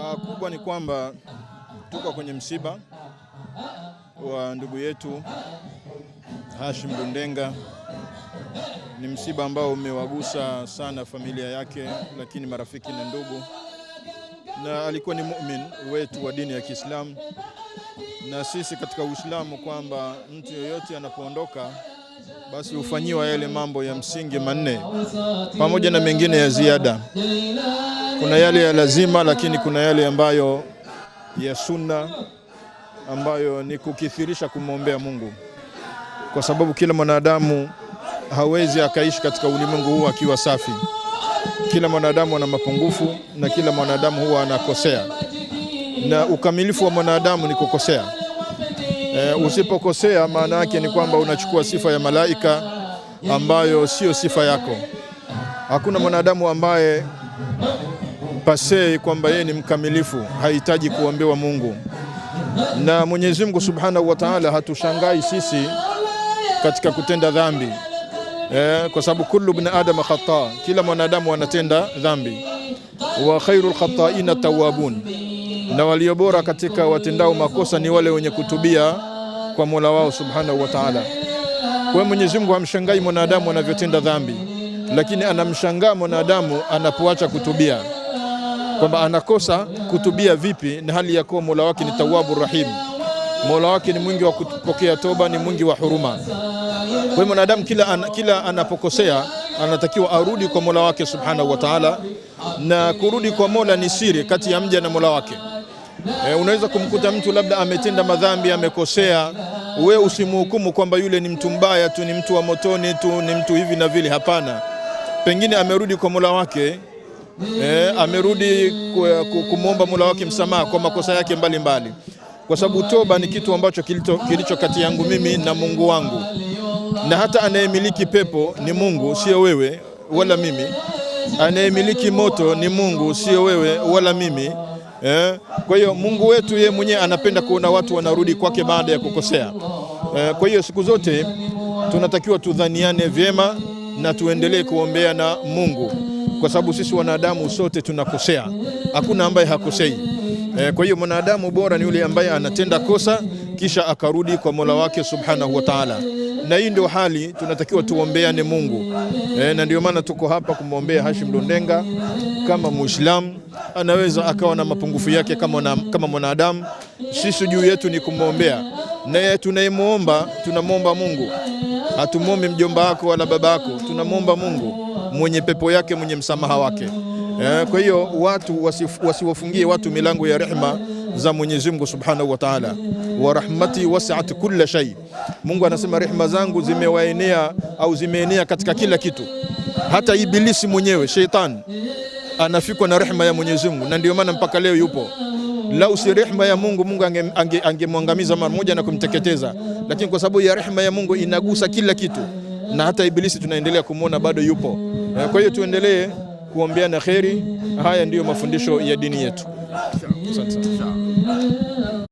Uh, kubwa ni kwamba tuko kwenye msiba wa ndugu yetu Hashim rundenga Ni msiba ambao umewagusa sana familia yake, lakini marafiki na ndugu, na alikuwa ni muumini wetu wa dini ya Kiislamu na sisi katika Uislamu kwamba mtu yoyote anapoondoka basi hufanyiwa yale mambo ya msingi manne pamoja na mengine ya ziada. Kuna yale ya lazima, lakini kuna yale ambayo ya sunna ambayo ni kukithirisha kumwombea Mungu, kwa sababu kila mwanadamu hawezi akaishi katika ulimwengu huu akiwa safi. Kila mwanadamu ana mapungufu na kila mwanadamu huwa anakosea, na ukamilifu wa mwanadamu ni kukosea. E, usipokosea maana yake ni kwamba unachukua sifa ya malaika ambayo sio sifa yako. Hakuna mwanadamu ambaye pasei kwamba yeye ni mkamilifu, hahitaji kuombewa Mungu na Mwenyezi Mungu Subhanahu wa Ta'ala. Hatushangai sisi katika kutenda dhambi e, kwa sababu kullu bin adam khata, kila mwanadamu anatenda dhambi, wa khairul khataina tawabun na walio bora katika watendao makosa ni wale wenye kutubia kwa Mola wao subhanahu wa taala. Kwa Mwenyezi Mungu hamshangai mwanadamu anavyotenda dhambi, lakini anamshangaa mwanadamu anapoacha kutubia, kwamba anakosa kutubia vipi, na hali ya kuwa Mola wake ni Tawwabu Rahim. Mola wake ni mwingi wa kupokea toba, ni mwingi wa huruma. Kwa hiyo mwanadamu kila, an, kila anapokosea anatakiwa arudi kwa Mola wake subhanahu wa taala, na kurudi kwa Mola ni siri kati ya mja na Mola wake. E, unaweza kumkuta mtu labda ametenda madhambi, amekosea, we usimhukumu kwamba yule ni mtu mbaya tu, ni mtu wa motoni tu, ni mtu hivi na vile. Hapana, pengine amerudi kwa mula wake e, amerudi kumwomba mula wake msamaha kwa makosa yake mbalimbali mbali. Kwa sababu toba ni kitu ambacho kilicho, kilicho kati yangu mimi na Mungu wangu, na hata anayemiliki pepo ni Mungu, sio wewe wala mimi. Anayemiliki moto ni Mungu, sio wewe wala mimi Eh, kwa hiyo Mungu wetu yeye mwenyewe anapenda kuona watu wanarudi kwake baada ya kukosea. Eh, kwa hiyo siku zote tunatakiwa tudhaniane vyema na tuendelee kuombea na Mungu kwa sababu sisi wanadamu sote tunakosea, hakuna ambaye hakosei. Eh, kwa hiyo mwanadamu bora ni yule ambaye anatenda kosa kisha akarudi kwa Mola wake Subhanahu wa Ta'ala, na hii ndio hali tunatakiwa tuombeane Mungu. Eh, na ndio maana tuko hapa kumwombea Hashim Lundenga kama Muislamu anaweza akawa na mapungufu yake kama, na, kama mwanadamu. Sisi juu yetu ni kumwombea, naye tunayemwomba tunamwomba Mungu, hatumwombi mjomba wako wala baba yako, tunamwomba Mungu mwenye pepo yake mwenye msamaha wake. Eh, kwa hiyo watu wasiwafungie watu milango ya rehma za Mwenyezi Mungu Subhanahu wa Ta'ala, wa rahmati wasi'at kulla shay. Mungu anasema rehma zangu zimewaenea au zimeenea katika kila kitu, hata ibilisi mwenyewe sheitani anafikwa na rehema ya Mwenyezi Mungu, na ndio maana mpaka leo yupo. Lau si rehema ya Mungu, Mungu angemwangamiza ange, ange mara moja na kumteketeza, lakini kwa sababu ya rehema ya Mungu inagusa kila kitu, na hata Ibilisi tunaendelea kumwona bado yupo. Eh, kwa hiyo tuendelee kuombea na kheri. Haya ndiyo mafundisho ya dini yetu. Asante sana.